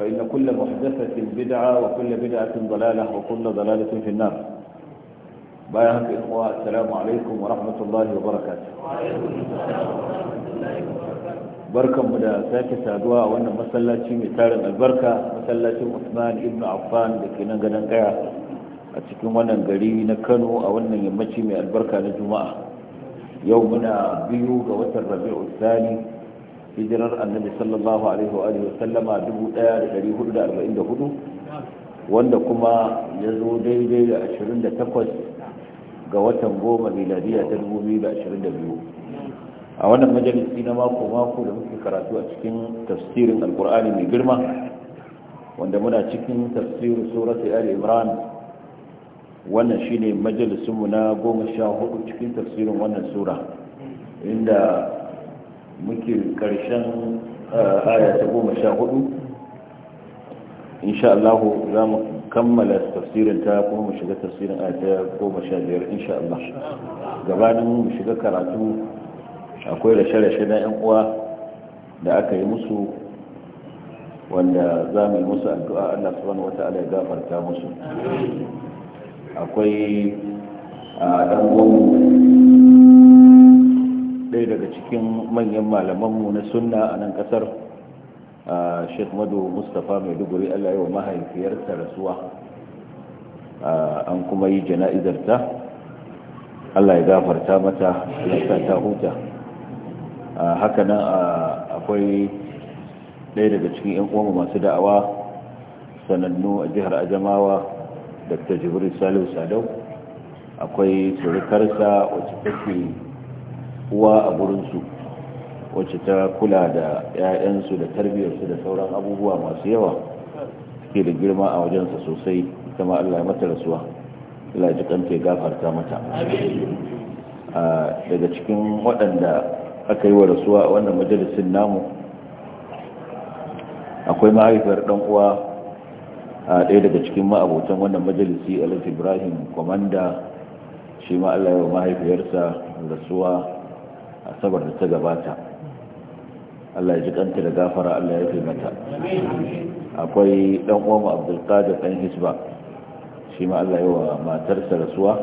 فإن كل محدثة بدعة وكل بدعة ضلالة وكل ضلالة في النار بايعك إخوة السلام عليكم ورحمة الله وبركاته بركة مدى ساكي سادوا وأن مسلاتي مثال البركة مسلاتي عثمان ابن عفان لكي نغنى نغير أتكلم وانا نغري نكنو أو أن يمشي من البركة لجماعة يومنا بيوغ وتر ربيع الثاني hijirar annabi sallallahu alaihi wa alihi wasallama 1444 wanda kuma ya zo daidai da 28 ga watan goma miladiya ta 2022 a wannan majalisi na mako mako da muke karatu a cikin tafsirin alkur'ani mai girma wanda muna cikin tafsirin surat ali imran wannan shine majalisinmu na goma sha hudu cikin tafsirin wannan sura inda muke karshen eh, aya goma sha hudu insha za mu kammala tafsirin ta kuma mu shiga tafsirin aya ta goma sha biyar insha Allah gabanin mu shiga karatu akwai rashe-rashe na 'yan uwa da aka yi musu wanda za mu yi musu addu'a Allah subhanahu wata'ala ya gafarta musu akwai a ah, ɗan ɗaya daga cikin manyan malamanmu na sunna a nan ƙasar sheikh madu mustapha maiduguri allah yau mahaifiyarsa rasuwa an kuma yi jana'izarta allah ya gafarta mata ya ta huta haka nan akwai ɗaya daga cikin 'yan uwanmu masu da'awa sanannu a jihar ajamawa dr jibril salihu sadau akwai surukarsa wacce take uwa a gurinsu wacce ta kula da 'ya'yansu da tarbiyyarsu da sauran abubuwa masu yawa ke da girma a wajensa sosai kama Allah mata rasuwa Allah kanta ya gafarta mata daga cikin waɗanda aka yi wa rasuwa a wannan majalisin namu akwai mahaifiyar ɗan uwa a ɗaya daga cikin ma'abotan wannan majalisi alif ibrahim kwamanda shi ma Allah ya wa mahaifiyarsa rasuwa asabar da ta gabata Allah ya ji kanta da gafara Allah ya fi mata akwai dan uwa abdulkadir ɗan hisba shi ma Allah ya wa matarsa rasuwa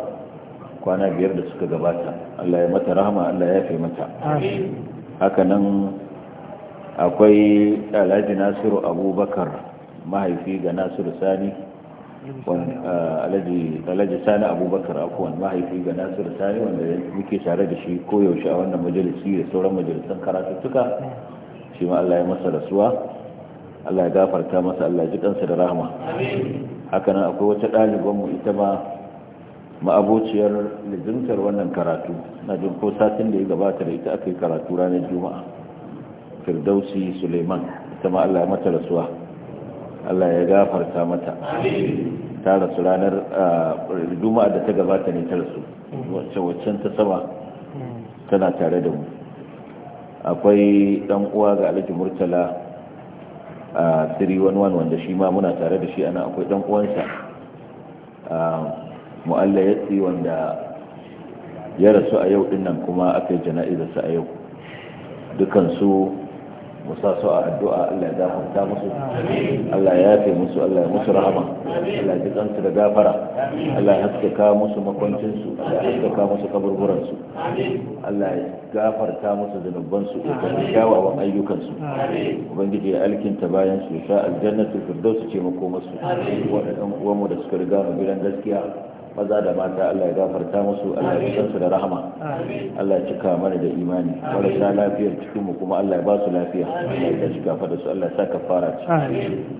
kwana biyar da suka gabata Allah ya mata rahama Allah ya fi mata hakanan akwai alhaji nasiru abubakar mahaifi ga nasiru sani alhaji sani abubakar akuwan mahaifi ga nasiru sani wanda muke tare da shi koyaushe a wannan majalisi da sauran majalisan karatuttuka shi ma allah ya masa rasuwa allah ya gafarta masa allah ya ji kansa da rahama hakanan akwai wata ɗalibanmu ita ma ma'abociyar lizimtar wannan karatu na jin ko satin da ya gabata da ita aka yi karatu ranar juma'a firdausi suleiman ita ma allah ya mata rasuwa Allah ya gafarta mata ta rasu ranar juma'a da ta gabata ne ta rasu wacce ta sama tana tare da mu akwai dan uwa ga alhaji murtala a 311 wanda shi ma muna tare da shi ana akwai dan uwansa mu'alla tsi wanda ya rasu a yau dinnan kuma aka yi jana'izarsa a yau dukansu mu sa su a addu'a Allah ya gafarta musu Allah ya yafe musu Allah ya musu rahama Allah ya jikan su da gafara Allah ya ka musu makwancin su Allah ya ka musu kaburburan su Allah ya gafarta musu zunuban su da kyawawan ayyukan su ubangiji ya alkinta bayan su sha aljannatul firdaus ce makomasu waɗannan uwanmu da suka riga mu gidan gaskiya maza da mata Allah ya gafarta musu Allah ya san su da rahama Allah ya cika mana da imani sa lafiyar cikin mu kuma Allah ya ba su lafiya Allah ya cika fada su Allah ya saka fara ci amin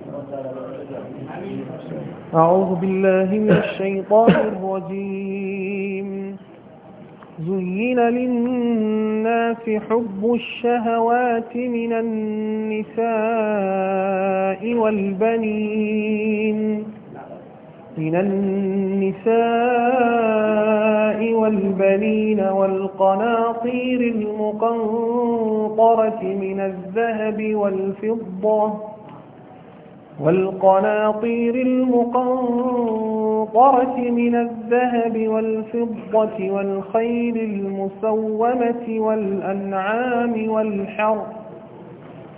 أعوذ بالله من الشيطان الرجيم زين للناس حب الشهوات من النساء والبنين من النساء والبنين والقناطير المقنطرة من الذهب والفضة والقناطير المقنطرة من الذهب والفضة والخيل المسومة والأنعام والحر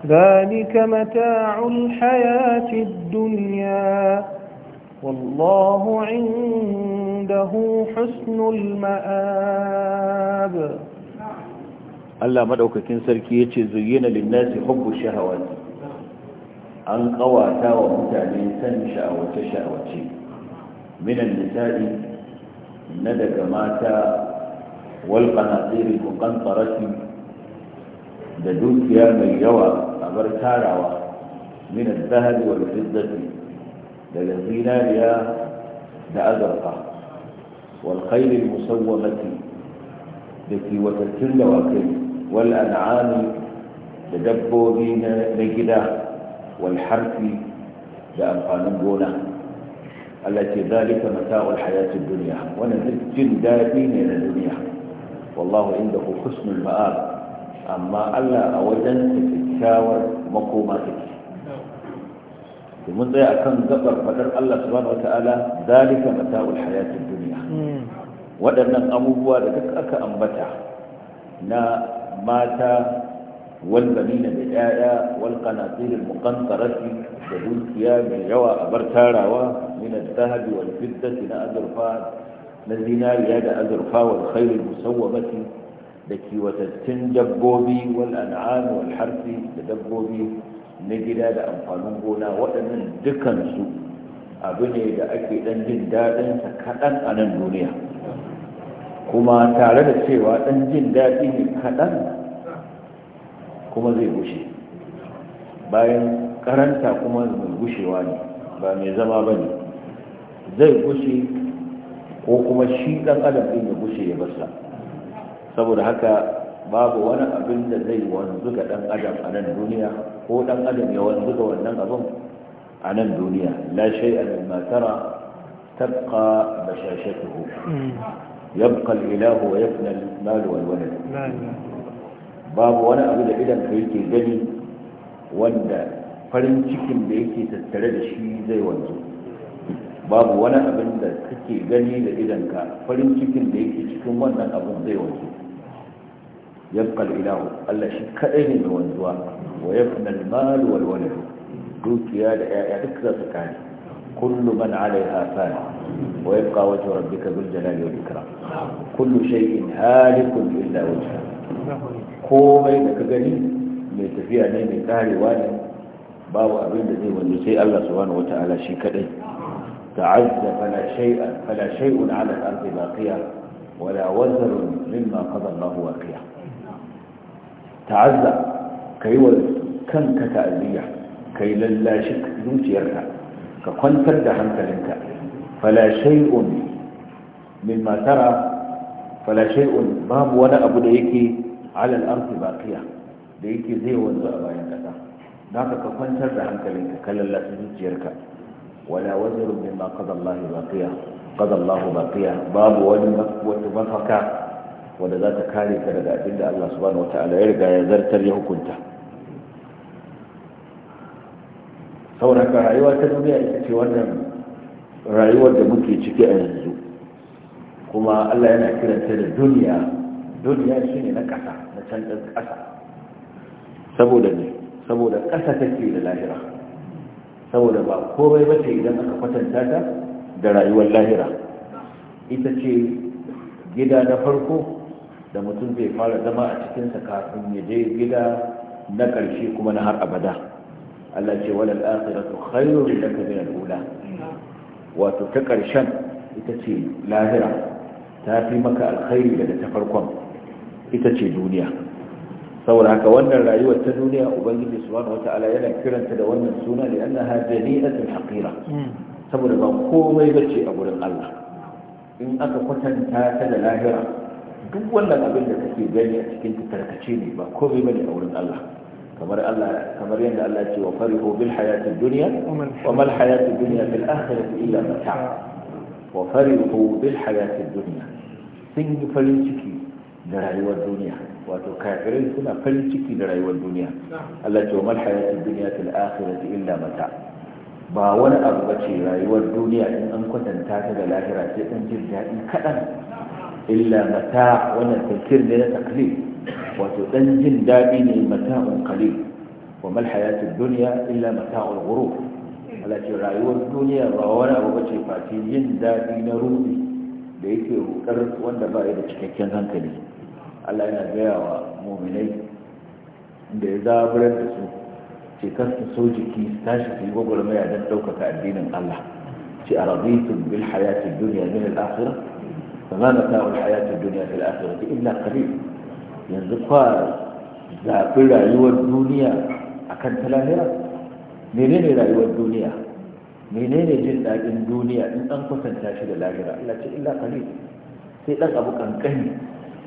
ذلك متاع الحياة الدنيا والله عنده حسن المآب الله مدعوك كنسر كيتي زيين للناس حب الشهوات أن قواتا ومتعلي سنشاء وتشاء وتشاء من النساء ندك ماتا والقناطير القنطرة لدوك يا من يوى أبرتارا من الذهب والفضة للذينان يا دأدرقة والخير المسومة التي وتتل وكل والأنعام تدبو بينا نجدا والحرف لأنقانبونا التي ذلك متاع الحياة الدنيا ونذكر دابين إلى الدنيا والله عنده حسن المآب أما ألا أوجن في التشاور مقومات domin zai a kan gabar fadar Allah subhanahu wata'ala dalika mata'ul hayatin duniya hmm. waɗannan abubuwa da duk aka ambata na mata walbani na da ƴaƴa walƙana tsirin muƙantarati da dukiya mai yawa a bar tarawa min al-zahabi wal fiddati na azurfa na zinariya da azurfa wal khairu musawwamati da kiwatattun dabbobi wal an'am wal harfi da dabbobi na gida da amfanin gona waɗannan dukansu abu ne da ake ɗan jin daɗinsa kaɗan a nan duniya kuma tare da cewa ɗan jin daɗi ne kaɗan kuma zai gushe bayan karanta kuma mai gushewa ne ba mai zama ba ne zai gushe ko kuma shi ɗan adam ɗin ya gushe ya basa saboda haka babu wani abin da zai wanzu ga dan adam a nan duniya ko dan adam ya wanzu ga wannan abin a nan duniya la shay'a mimma tara تبقى wa يبقى الإله ويفنى babu wani abu da أبدا إذا فيك gani wanda farin cikin da yake tattare da shi zai wanzu babu wani abin da kake gani da idanka farin cikin da yake cikin wannan abin zai wanzu yabqa ilahu Allah shi kadai ne mai wanzuwa wa yabqa al-mal wal walad dukiya da yaya duk za su kare kullu man alaiha fan wa yabqa wajhu rabbika dhul jalali wal ikram kullu shay'in halikun illa wajha komai da ka gani mai tafiya ne mai karewa ne babu abin da zai wanzu sai Allah subhanahu wata'ala shi kadai تعز فلا شيء فلا شيء على الارض باقيه ولا وزر مما قضى الله واقيه ta'azza ka yi wa kanka ta'aziyya ka yi lallashi zuciyarka ka kwantar da hankalinka fala shay'un mimma tara fala shay'un babu wani abu da yake ala al-ardi baqiya da yake zai wanzu a bayan kasa naka ka kwantar da hankalinka ka lallashi zuciyarka wala wazirun mimma qada Allah baqiya qada Allah baqiya babu wani wata mafaka wanda za ta kare ka daga abin da Allah subhanahu wataala ya riga ya zartar ya hukunta saboda haka rayuwa ta duniya ita ce wannan rayuwar da muke ciki a yanzu kuma Allah yana kiranta da duniya duniya shine na ƙasa na can ƙasa saboda ne saboda ƙasa take da lahira saboda ba komai ba ce idan aka kwatanta ta da rayuwar lahira ita ce gida na farko da mutum zai fara zama a cikinsa kafin ya je gida na ƙarshe kuma na har abada Allah ce wala al su khayrun laka min al-ula wato ta ƙarshen ita ce lahira ta fi maka alkhairi daga ta farkon ita ce duniya saboda haka wannan rayuwar ta duniya ubangiji subhanahu wata'ala yana kiranta da wannan suna da annaha jani'atun haqira saboda ba komai bace a gurin Allah in aka kwatanta ta da lahira duk wannan abin da kake gani a cikin ta tarkace ne ba komai bane a wurin Allah kamar Allah kamar yadda Allah ya ce wa farihu bil hayatid dunya wa mal hayatid dunya fil akhirati illa mata wa farihu bil hayatid dunya sun yi farin ciki da rayuwar duniya wato kafirai suna farin ciki da rayuwar duniya Allah ce wa mal hayatid dunya fil akhirati illa mata' ba wani abu ba ce rayuwar duniya in an kwatanta ta da lahira sai ɗan jin daɗi kaɗan illa mata wannan tafsir ne na taklif wato dan jin daɗi ne mata'un qalil wa mal hayatud dunya illa mata'ul ghurur ala ce rayuwar duniya ba wani abu bace face jin daɗi na ruhi da yake rukar wanda ba da cikakken hankali Allah yana gaya wa muminai da ya zaburar da su ce kasu so jiki tashi su yi gwagwarmaya don ɗaukaka addinin Allah ce a bil hayatin duniya min al-akhirah فما متاع الحياة الدنيا في الآخرة إلا قليل ينزقها زابل أيوة الدنيا أكن تلاهرة منين رأيوة الدنيا منين جن لكن دنيا إن أنقص تاشد الآخرة إلا إلا قليل سيدك أبو كنكني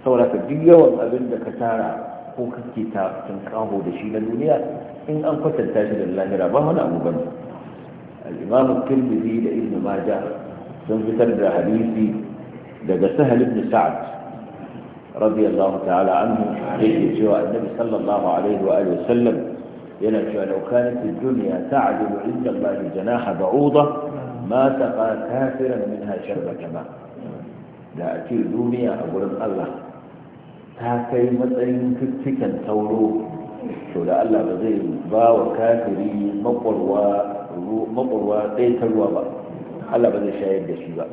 saboda ka duk yawan abin da ka tara ko kake ta da shi na duniya in an kwatanta shi da lahira ba wani abu bane al-imam tirmidhi da ibn majah sun fitar da hadisi ده ده سهل بن سعد رضي الله تعالى عنه في جواء النبي صلى الله عليه وآله وسلم ينجو لو كانت الدنيا تعدل عند الله جناح بعوضة ما تقى كافرا منها شربة ماء. لا أتي الدنيا أقول الله تاكي مطعين كتكا تورو شو لألا بغير با وكافري مقروا مقروا تيتلوا با ألا بغير شايد بشي با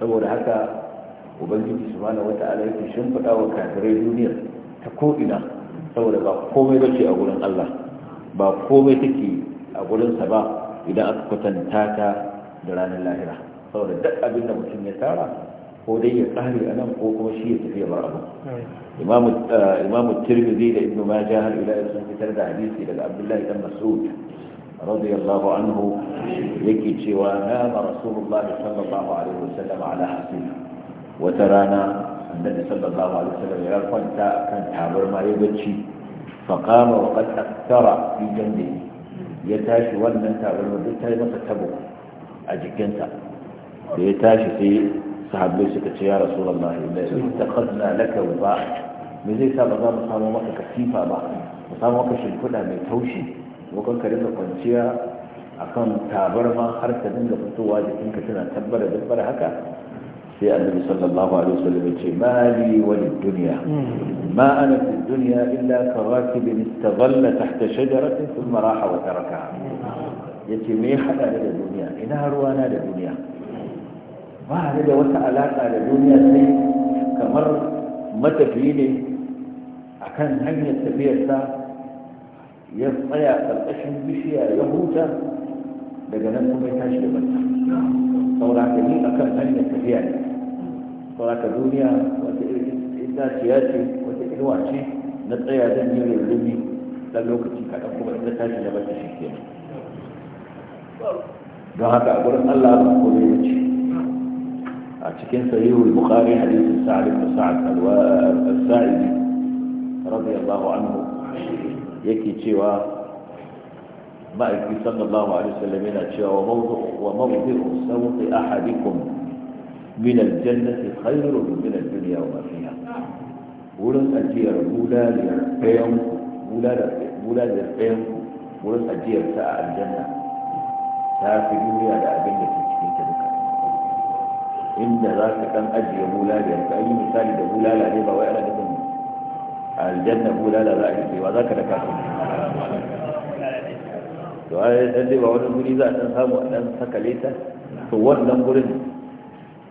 سبور حتى ubangiji wata wata'ala sun shimfiɗa wa kafirai duniyar ta ko'ina saboda ba komai ba ce a gurin Allah ba komai take a gurinsa ba idan aka kwatanta ta da ranar lahira saboda duk abin da mutum ya tara ko dai ya tsare a nan ko kuma shi ya tafi ya bar abu imamu eh, tirmidhi da ibnu majah har ila sun fitar da hadisi daga abdullahi dan mas'ud رضي anhu yake cewa شوى نام رسول الله صلى الله عليه wata rana annabi sallallahu alaihi wasallam ya kwanta kan tabarma ya bacci fa qama wa qad aktara fi jambihi ya tashi wannan tabarma duk ta masa tabo a jikinsa da ya tashi sai sahabbai suka ce ya rasulullah la istaqadna laka wa me zai sa ba za mu samu maka katifa ba mu samu maka shimfiɗa mai taushi wakan ka rika kwanciya akan tabarma har ta dinga fitowa jikinka tana tabbara dabbar haka في النبي صلى الله عليه وسلم ما لي وللدنيا ما أنا في الدنيا إلا كراكب استظل تحت شجرة ثم راح وتركها يتي ميحة للدنيا إنا روانا للدنيا ما هذا وسألاء على الدنيا سي كمر متفيني أكان هنية تبيرتا يصيع الأشم بشيء يهوتا لجنبكم يتاشر بسا صورا كمين أكان هنية تبيرتا sauraka duniya wata irin itaciya ce wata irwa ce na tsaya zan yi rurrumi dan lokaci kaɗan kuma ina tashi na bata shi ke don haka a gurin allah ba ko ya ce a cikin sahihul bukhari hadisin sa'ad ibn sa'ad al-sa'idi radiyallahu anhu yake cewa ma'aiki sallallahu alaihi wasallam yana cewa wa mawdu'u wa mawdu'u sawti ahadikum min aljannati khairun min ad-dunya wa ma fiha wurin ajiyar a aljanna ta fi duniya da abin da duka inda za ka ɗan ajiye bulaliyar ka yi misali da bulala ne ba wai aljanna za a yi wa za ka to ai dan dai ba wani guri za a ɗan samu a ɗan saka leta to wannan gurin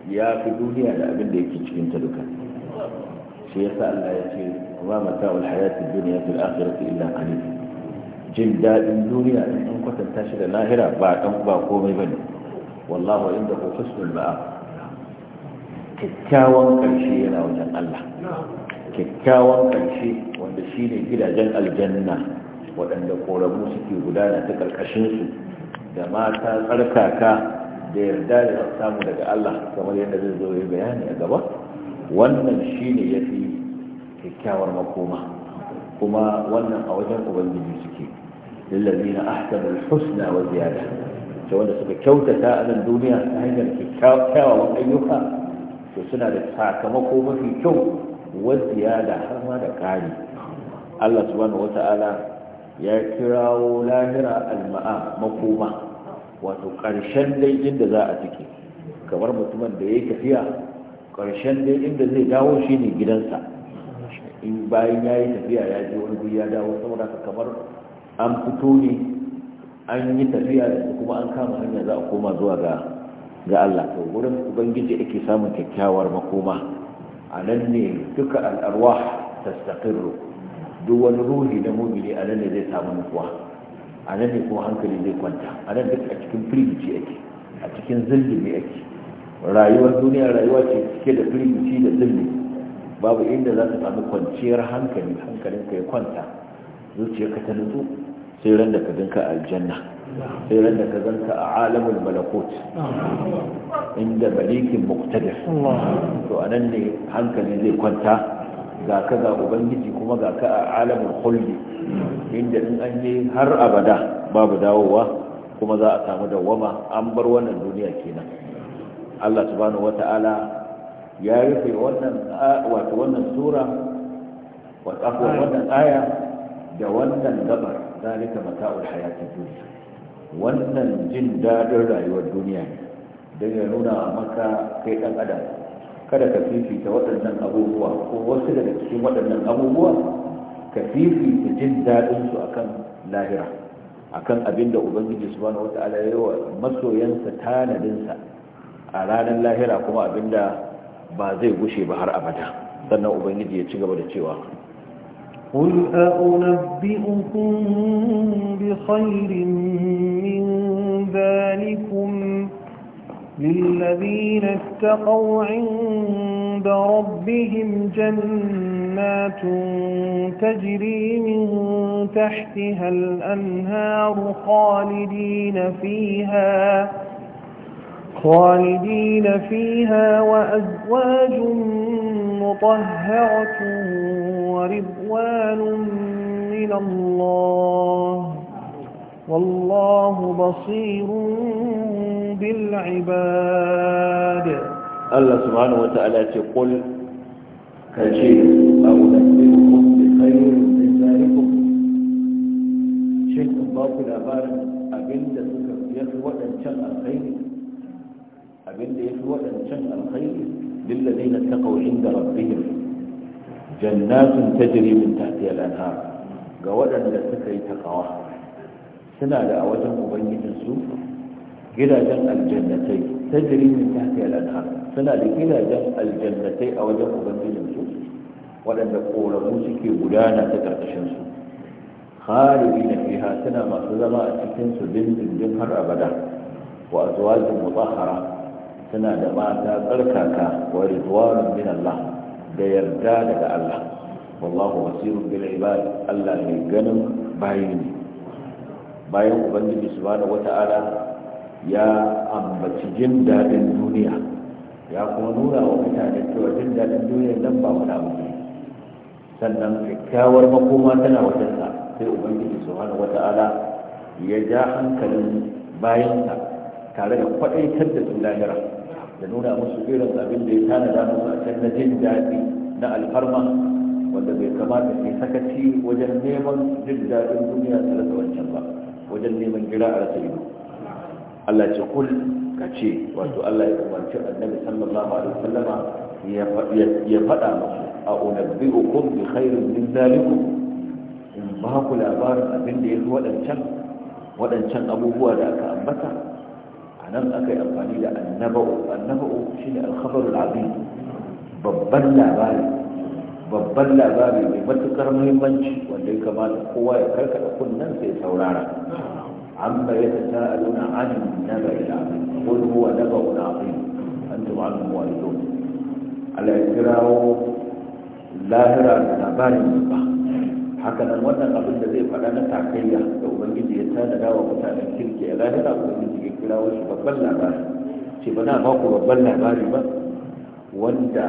ya fi duniya da abin da yake cikin ta duka shi yasa Allah ya ce wa wal hayatid dunya fil akhirati illa qalil jin dadin duniya da an kwatanta shi da lahira ba dan ba komai bane wallahu inda ku husnul ba'a kikkiawan karshe yana wajen Allah kikkiawan karshe wanda shine gidajen aljanna waɗanda koramu suke gudana ta karkashin su da mata tsarkaka da yarda da samu daga Allah kamar yadda zai zo yi bayani a gaba wannan shine yafi kyakkyawar makoma kuma wannan a wajen ubangiji suke lillazina na husna wa ziyada to wanda suka kyautata a nan duniya ta hanyar kyakkyawan ayyuka to suna da sakamako mafi kyau wa ziyada har ma da kari Allah subhanahu ya kirawo lahira al-ma'a makoma wato ƙarshen dai inda za a ciki kamar mutumin da ya yi tafiya ƙarshen dai inda zai dawo shi ne gidansa in bayan ya yi tafiya ya je wani guri ya dawo saboda kamar an fito ne an yi tafiya da kuma an kama hanya za a koma zuwa ga ga Allah to gurin ubangiji yake samun kyakkyawar makoma a nan ne duka al'arwa tastaqirru duk wani ruhi da mumini a nan ne zai samu nutsuwa a nan ne kuma hankali zai kwanta a nan duk a cikin firgici ake a cikin zulmi ake rayuwar duniya rayuwa ce cike da firgici da zulmi babu inda za ka samu kwanciyar hankali hankalin ka ya kwanta ka ta nutsu sai ran da ka ganka aljanna sai ran da ka ganka a alamul malakot inda malikin muktadir to nan ne hankali zai kwanta ga ka ga ubangiji kuma ga ka a alamin hulli inda in an yi har abada babu dawowa kuma za a samu dawama an bar wannan duniya kenan Allah subhanahu wata'ala ya rufe wannan wato wannan sura wato wannan aya da wannan gabar zalika mata'ul hayati duniya wannan jin dadin rayuwar duniya ne daga nuna maka kai dan adam kada ka fifita waɗannan abubuwa ko wasu daga cikin waɗannan abubuwa ka fifita jin daɗinsu a kan lahira a kan abin da ubangiji su bane wata alayewa masoyansa tanadinsa a ranar lahira kuma abin da ba zai gushe ba har abada sannan ubangiji ya ci gaba da cewa قل أأنبئكم بخير من ذلكم للذين اتقوا عند ربهم جنات تجري من تحتها الأنهار خالدين فيها خالدين فيها وأزواج مطهرة ورضوان من الله والله بصير بالعباد الله سبحانه وتعالى تقول كجير أو نكبركم بخير من ذلكم شيء باطل لابارا أبين لسكا يفي الخير أبين ليفي وأن الخير للذين اتقوا عند ربهم جنات تجري من تحتها الأنهار قولا لسكا يتقوى suna da a wajen ubangijinsu gidajen aljannatai ta jirimin tafiya al'adha suna da gidajen aljannatai a wajen ubangijinsu waɗanda ƙoramu suke gudana ta ƙarƙashinsu khariri na fiha suna masu zama a cikinsu dindindin har abada wa azwajin mutahhara suna da mata tsarkaka wa ridwanun min Allah da yarda daga Allah wallahu basirun bil ibad Allah ne ganin bayin bayan ubangiji subhanahu wata'ala ya ambaci jin daɗin duniya ya kuma nuna wa mutane cewa jin daɗin duniya nan ba wani abu ne sannan kyakkyawar makoma tana wajensa sai ubangiji subhanahu wata'ala ya ja hankalin bayansa tare da kwaɗaitar da su lahira da nuna musu irin abin da ya tanada musu a can na jin daɗi na alfarma wanda bai kamata ke sakaci wajen neman jin daɗin duniya tare da wancan ba wajen neman gira a rasa ido Allah ce kul ka ce wato Allah ya umarci annabi sallallahu alaihi wasallama ya faɗa musu a unabbi'ukum bi khairin min zalikum in ba ku labarin abin da ya fi waɗancan waɗancan abubuwa da aka ambata a nan aka yi amfani da annaba'u annaba'u shine alkhabarul azim babban labari babban labari mai matukar muhimmanci wanda ya kamata kowa ya karkata kunnan sai saurara amma ya ta aluna an naba ila qul huwa an azim antum wani mu'ridun ala kirawo lahira da labarin ba haka nan wannan abin da zai faɗa na takayya da ubangiji ya tada wa mutanen kirki a lahira ubangiji ya kirawo shi babban labari ce ba na ba ku babban labari ba wanda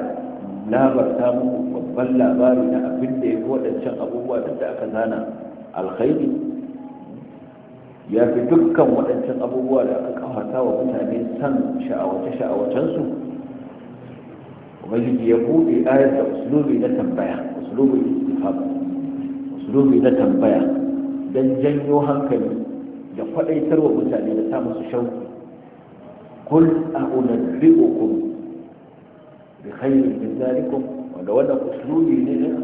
labarta muku babban labari na abin da ya fi waɗancan abubuwa da aka zana alkhairi ya fi dukkan waɗancan abubuwa da aka kawata wa mutane san sha'awace-sha'awacensu ubangiji ya buɗe ayar da usulubi na tambaya usulubi istifam usulubi na tambaya don janyo hankali da kwaɗaitar wa mutane da ta su shauki kul a unabbi'ukum بخير من ذلكم أن أسلوب لنا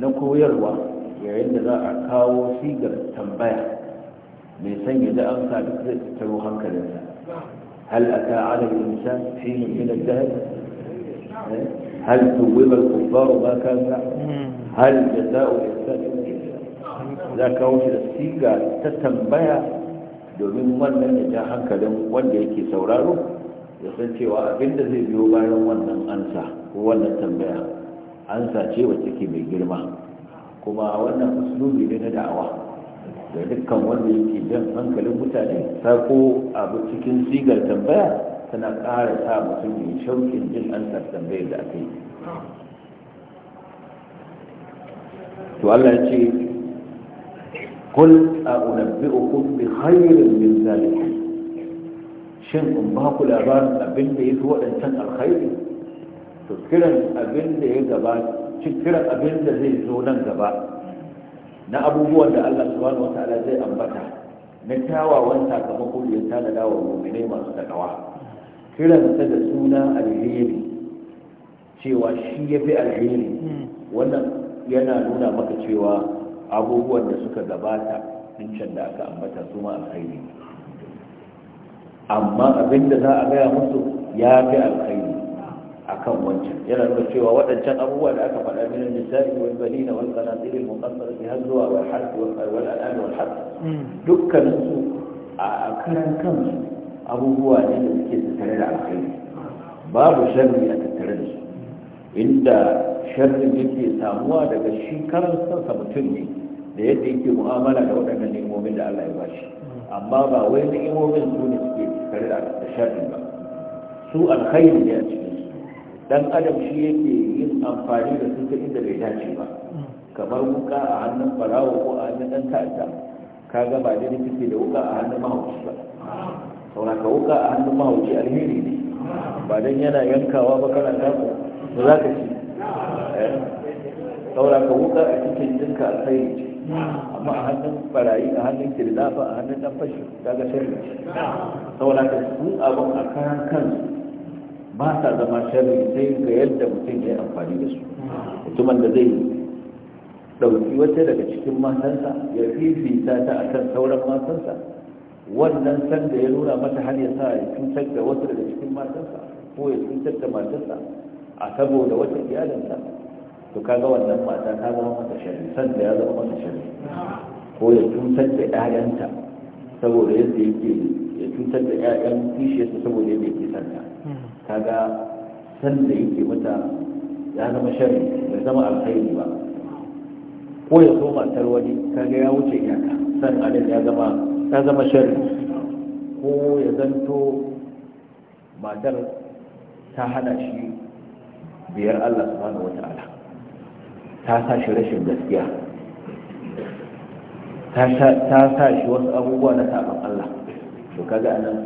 نكو يروى يعني ذا أكاو سيجر تنبيع من سنة ذا أمسى بكرة تروها كذلك هل أتى على الإنسان حين من الدهب هل توب الكفار ما كان هل جزاء الإنسان ذا كاو سيجر تتنبيع دون من من يجاهم كذلك وان يكي سورانه da san cewa abinda zai biyo bayan wannan ansa ko wannan tambaya ansa ce wacce ke mai girma kuma wannan usulubi ne na da'awa da dukkan wanda yake jan hankalin mutane sako abu cikin sigar tambaya tana ƙara sa mutum mai shaukin jin ansar tambayar da aka yi to Allah ya ce kul a unabbi'ukum bi khairin min zalikum shin in ba ku labarin abin da ya fi waɗancan alkhairi to kiran abin da ya gaba kiran abin da zai zo nan gaba na abubuwan da Allah subhanahu wa ta'ala zai ambata na kyawawan sakamako da ya tanada wa mu'minai masu takawa kiran ta da suna alheri cewa shi ya fi alheri wannan yana nuna maka cewa abubuwan da suka gabata ɗin da aka ambata su ma alheri ne amma abin da za a gaya musu ya fi alkhairi akan wancan yana nuna cewa waɗancan abubuwa da aka faɗa min nisa'i wal banina wal qanatir al muqaddara bi hazwa wal harf wal al'an wal harf dukkan su a karan kansu abubuwa ne da suke tattare da alkhairi babu sharri a tattare da su inda sharrin yake samuwa daga shi karan kansa mutum ne da yadda yake mu'amala da waɗannan ni'imomin da Allah ya bashi hmm. amma ba wai ni'imomin su ne suke dogari da sharri ba su alkhairu ne a cikinsu dan adam shi yake yin amfani da su ta inda bai dace ba kamar wuka a hannun farawa ko a hannun dan ta'adda ka ga ba da kike da wuka a hannun mahauci ba sauraka wuka a hannun mahauci alheri ne ba dan yana yankawa ba kana tako ba za ka ci eh? sauraka wuka a cikin jinka alkhairi ce amma a hannun barayi a hannun kirzafa a hannun dan fashi daga sharri saboda ka su abin a kayan kansu ba sa zama sharri sai ga yadda mutum ya yi amfani da su mutumin da zai ɗauki wata daga cikin matansa ya fifita ta a kan sauran matansa wannan san da ya nuna mata har ya sa ya cutar da wata daga cikin matansa ko ya cutar da matarsa a saboda wata iyalinsa to kaga wannan mata ta zama masa shari, san da ya zama masa shari? ko ya cutar da ƴaƴanta saboda yadda yake ya cutar da ƴaƴan kishiyarsa saboda yadda yake santa kaga san da yake mata ya zama shari, bai zama alkhairi ba ko ya so matar wani kaga ya wuce iyaka san adam ya zama ya zama shari? ko ya zanto matar ta hana shi biyar Allah subhanahu wata'ala ta sa shi rashin gaskiya ta sa shi wasu abubuwa na sabon Allah to kaga anan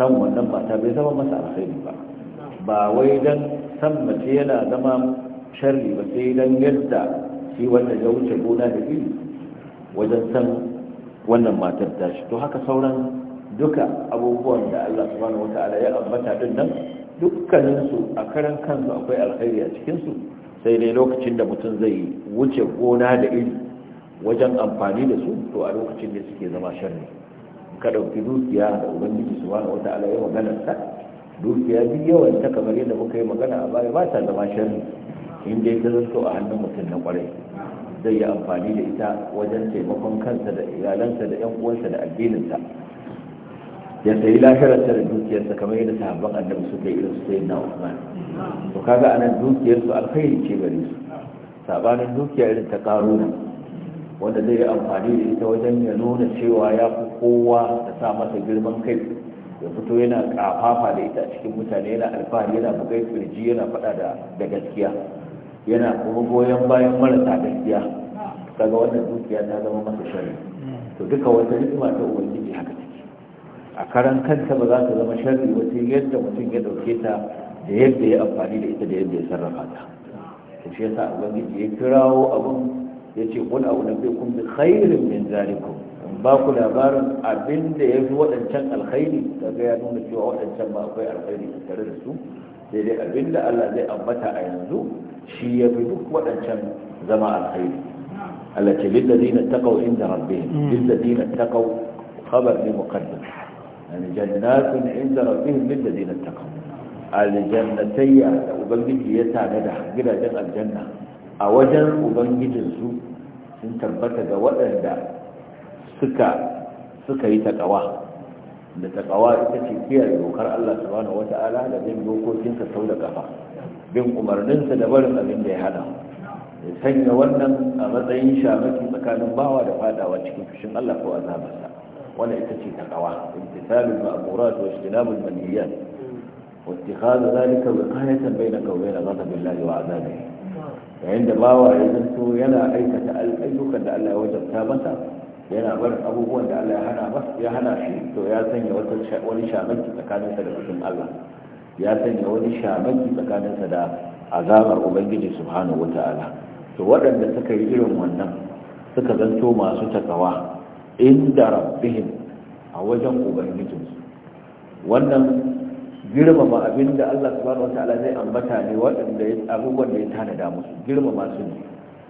san wannan mata bai zama masa alheri ba ba wai dan san mace yana zama sharri ba sai dan yadda shi wanda ya wuce gona da iri wajen san wannan matar shi to haka sauran duka abubuwan da Allah subhanahu wataala ya ambata din nan dukkaninsu a karan kansu akwai alheri a cikinsu sai dai lokacin da mutum zai wuce gona da iri wajen amfani da su to a lokacin da suke zama sharri ka ɗauki dukiya da ubangiji su wani wata ala yawan ta dukiya biyu yawan ta kamar yadda muka yi magana a baya ba ta zama sharri in dai ta zanto a hannun mutum na kwarai zai yi amfani da ita wajen taimakon kansa da iyalansa da yan uwansa da addininsa ya sayi lahirar ta da dukiyarsa kamar yadda sahabban annabi suka yi irin su sayi na Usman to kaga anan dukiyarsu su alkhairi ce gare su sabanin dukiya irin ta karuna wanda zai yi amfani da ita wajen ya nuna cewa ya fi kowa da sa masa girman kai ya fito yana kafafa da ita a cikin mutane yana alfahari yana bugai firji yana faɗa da gaskiya yana kuma goyon bayan marasa gaskiya kaga wannan dukiya ta zama masa shari to duka wata hikima ta ubangiji haka ce a karan kanta ba za ta zama sharri ba sai yadda mutum ya dauke ta da yadda ya amfani da ita da yadda ya sarrafa ta to shi yasa ubangiji ya kirawo abin ya ce kun abu na bai kun bi khairin min zalikum in ba ku labarin abin da ya fi waɗancan alkhairi daga ya nuna cewa waɗancan ba akwai alkhairi tare da su sai dai abin da Allah zai ambata a yanzu shi ya fi duk waɗancan zama alkhairi Allah ce lillazina taqaw inda rabbihim mm. lillazina taqaw khabar li muqaddam aljannatun inda rabbihim lil ladina taqaw aljannatayya da ubangiji ya tana da gidajen aljanna a wajen ubangijinsu sun tabbata ga waɗanda suka suka yi taƙawa da taƙawa ita ce kiyaye dokar Allah subhanahu wata'ala da bin dokokinsa sau da kafa bin umarninsa da barin abin da ya hada ya sanya wannan a matsayin shamaki tsakanin bawa da fadawa cikin fushin Allah ko azabarsa ولا إتشي تقوى امتثال المأمورات واجتناب المنهيات واتخاذ ذلك وقاية بينك وبين غضب الله وعذابه عند باوى يزنتو ينا أيكة yayin da وجب ثابتا yana barin abubuwan da Allah ya hana masa ya hana shi to ya sanya wani shamaki sa da cikin Allah ya sanya wani shamaki sa da azabar ubangiji subhanahu wata'ala to waɗanda suka yi irin wannan suka zanto masu takawa inda rabbihim a wajen ubangijinsu wannan girmama abin da Allah subhanahu wataala zai ambata ne waɗanda ya abubuwan da ya tanada musu girmama su ne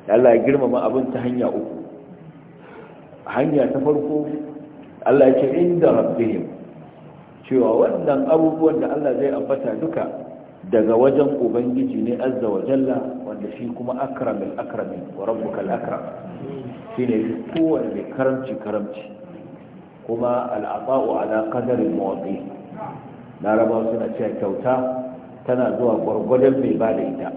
Allah ya girmama abin ta hanya uku hanya ta farko Allah ya ce inda rabbihim cewa wannan abubuwan da Allah zai ambata duka daga wajen ubangiji ne azza wa jalla da shi kuma akram al wa rabu rabbuka al-akram shine kowanne karamci karamci kuma al-ata'u ala qadari al larabawa suna cewa kyauta tana zuwa gwargwadon mai ba da ita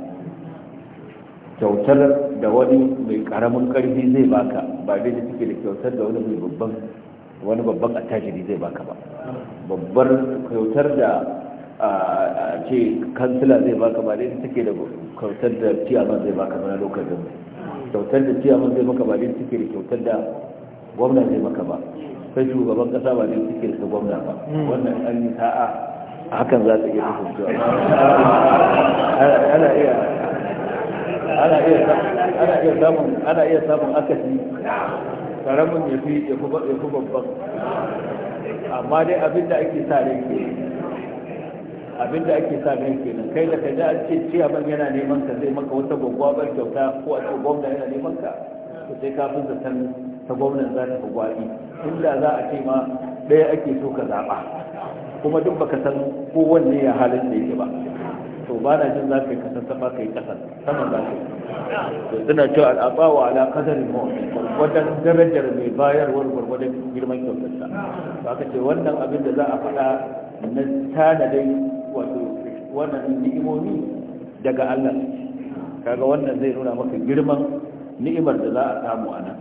kyautar da wani mai ƙaramin ƙarfi zai baka ba dai da take da kyautar da wani babban wani babban attajiri zai baka ba babbar kyautar da a ce kansila zai baka ba daidai suke da kyautar da ciyaman zai baka ba na lokacin kyautar da ciyaman zai maka ba daidai suke da kyautar da gwamna zai maka ba sai shugaban kasa ba daidai suke da gwamna ba wannan an yi sa'a hakan za ta iya kasancewa ana iya ana iya ana iya samun akasi karamin ya fi ya fi babban amma dai abin da ake sa rai ke Abin da ake sa rai kenan kai da kaji an ce ciya ban yana neman ka zai maka wata gwaggwa ban kyauta ko a ce gwamna yana neman ka to sai ka fin zaton ta gwamnan za ta fi inda za a ce ma ɗaya ake so ka zaɓa kuma duk baka san ko wanne ya halin da yake ba to ba na jin za ka yi kasan sama ka yi kasan sama za ka yi to suna cewa al'aba wa ala kadarin mu'min wadan darajar mai bayarwar gwargwadon girman kyautarsa ba ka ce wannan abin da za a faɗa na tanadai wannan ni'imomi daga Allah kaga wannan zai nuna maka girman ni'imar da za a samu a nan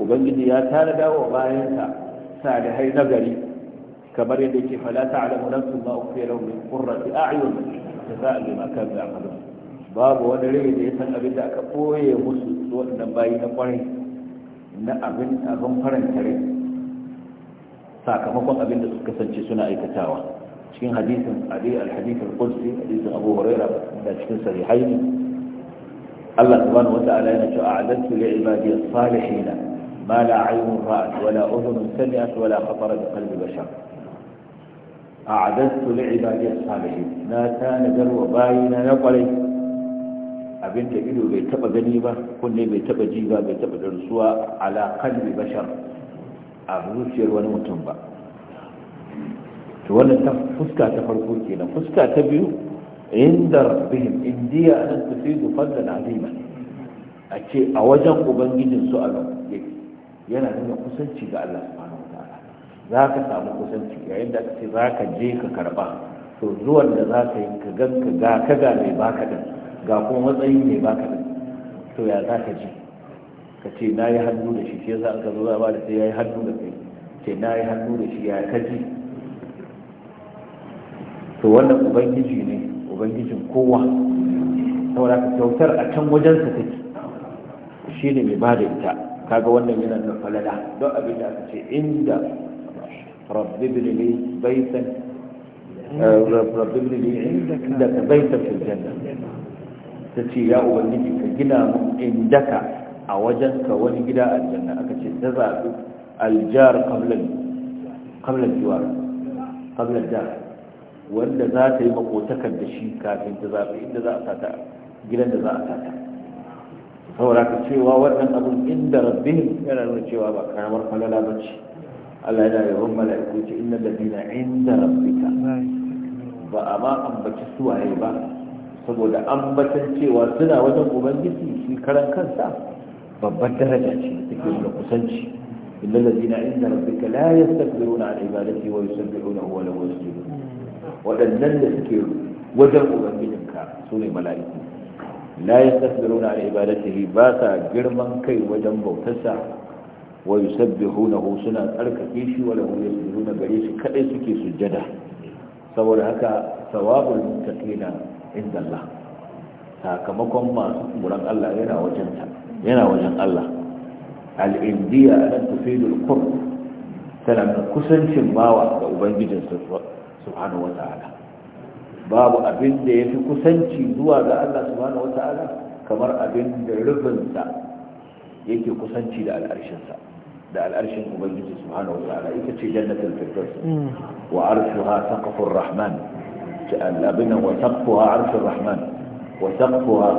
ubangiji ya bayan sa bayansa salihai nagari kamar yadda yake fala ta'lamu nafsun ma ukhfiya lahum min qurrati a'yun jazaa'an lima kanu ya'malun babu wani rai da ya san abin da aka boye musu wannan bayi na kwarai na abin abin faranta rai sakamakon abin da suka kasance suna aikatawa cikin hadisin abi al-hadith al-qudsi hadisin abu huraira da cikin sahihaini Allah subhanahu wata'ala yana cewa a'lastu li ibadi as-salihin ma la 'aynun ra'at wala la udhunun sami'at wa la khatara da qalbi bashar a'lastu li ibadi as-salihin na tanadar wa bayina na kwarai Abinda ido bai taba gani ba kunne bai taba ji ba bai taba darsuwa ala qalbi bashar a zuciyar wani mutum ba to wannan ta fuska ta farko kenan fuska ta biyu inda rabbihim indiya an tafidu fadlan azima a ce a wajen ubangijin su Allah yana nuna kusanci ga Allah subhanahu wataala za ka samu kusanci yayin da ka ce za ka je ka karba to zuwan da za ka yi ka ga ka ga mai baka din ga kuma matsayin mai baka din to ya za ka je ka ce na yi hannu da shi shi yasa aka zo za ba da sai ya yi hannu da kai ce na yi hannu da shi ya kaji to wannan ubangiji ne ubangijin kowa saboda ka kyautar a can wajensa take shi ne mai bada ita kaga wannan yana da falala don abin da aka ce inda rabbi bilili baitan eh, rabbi bilili inda ka baitan fil janna ta ce ya ubangiji ka gina mun ka, a wajen ka wani gida a janna, aka ce ta zaɓi aljar qablan qablan jiwar qablan jar wanda za ta yi makotakar da shi kafin ta zaɓi inda za a sata gidan da za a sata saboda ka cewa wannan abun inda rabbihim yana nuna cewa ba karamar falala ba ce Allah yana yawan mala'iku ce inna ladina inda rabbika ba a ma ambaci suwaye ba saboda ambatan cewa suna wajen ubangiji shi karan kansa babbar daraja ce take nuna kusanci إلا الذين عند ربك لا يستكبرون عن عبادته ويسبحونه وله يسجدون waɗannan da suke wajen ubangijinka su ne mala'iku la yastakbiruna an ibadatihi ba sa girman kai wajen bautarsa wa yusabbihunahu suna tsarkake shi wa lahu yasjuduna gare shi kadai suke sujjada saboda haka sawabul muttaqina inda Allah sakamakon masu tsoron Allah yana wajen ta yana wajen Allah al-indiya an tufidu al-qurb tana kusancin bawa ga ubangijinsa subhanahu wata'ala babu abin da ya fi kusanci zuwa ga Allah subhanahu wata'ala kamar abin da rufinsa yake kusanci da al'arshinsa da al'arshin ubangiji subhanahu wata'ala ita ce jannatul firdaus hmm. wa arshuha saqafur rahman ta alabina wa saqfuha arshur rahman wa saqfuha